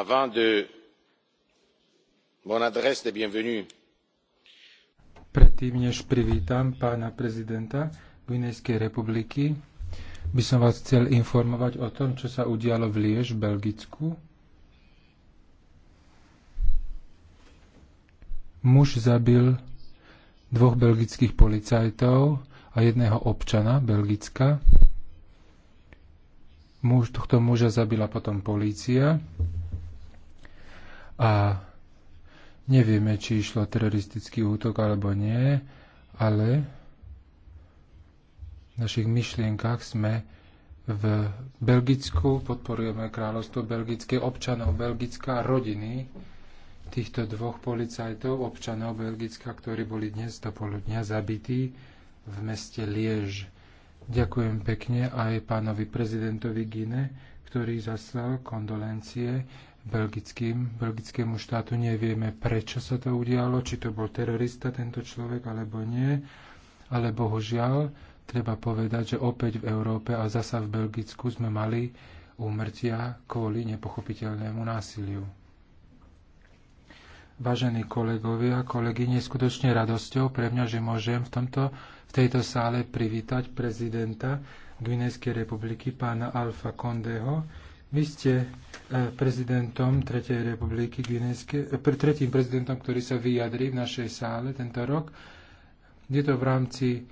avant de mon adresse de bienvenue predtým než privítam pána prezidenta Guinejskej republiky, by som vás chcel informovať o tom, čo sa udialo v Liež, v Belgicku. Muž zabil dvoch belgických policajtov a jedného občana Belgicka. Muž, tohto muža zabila potom polícia a nevieme, či išlo teroristický útok alebo nie, ale v našich myšlienkach sme v Belgicku, podporujeme kráľovstvo belgické, občanov Belgická, rodiny týchto dvoch policajtov, občanov Belgická, ktorí boli dnes do poludnia zabití v meste Liež. Ďakujem pekne aj pánovi prezidentovi Gine, ktorý zaslal kondolencie belgickým, belgickému štátu. Nevieme, prečo sa to udialo, či to bol terorista tento človek alebo nie. Ale bohužiaľ, treba povedať, že opäť v Európe a zasa v Belgicku sme mali úmrtia kvôli nepochopiteľnému násiliu. Vážení kolegovia, a kolegyne, skutočne radosťou pre mňa, že môžem v, tomto, v tejto sále privítať prezidenta Gvinejskej republiky, pána Alfa Kondeho. Vy ste eh, prezidentom Tretej republiky Gvinejskej, eh, tretím prezidentom, ktorý sa vyjadrí v našej sále tento rok. Je to v rámci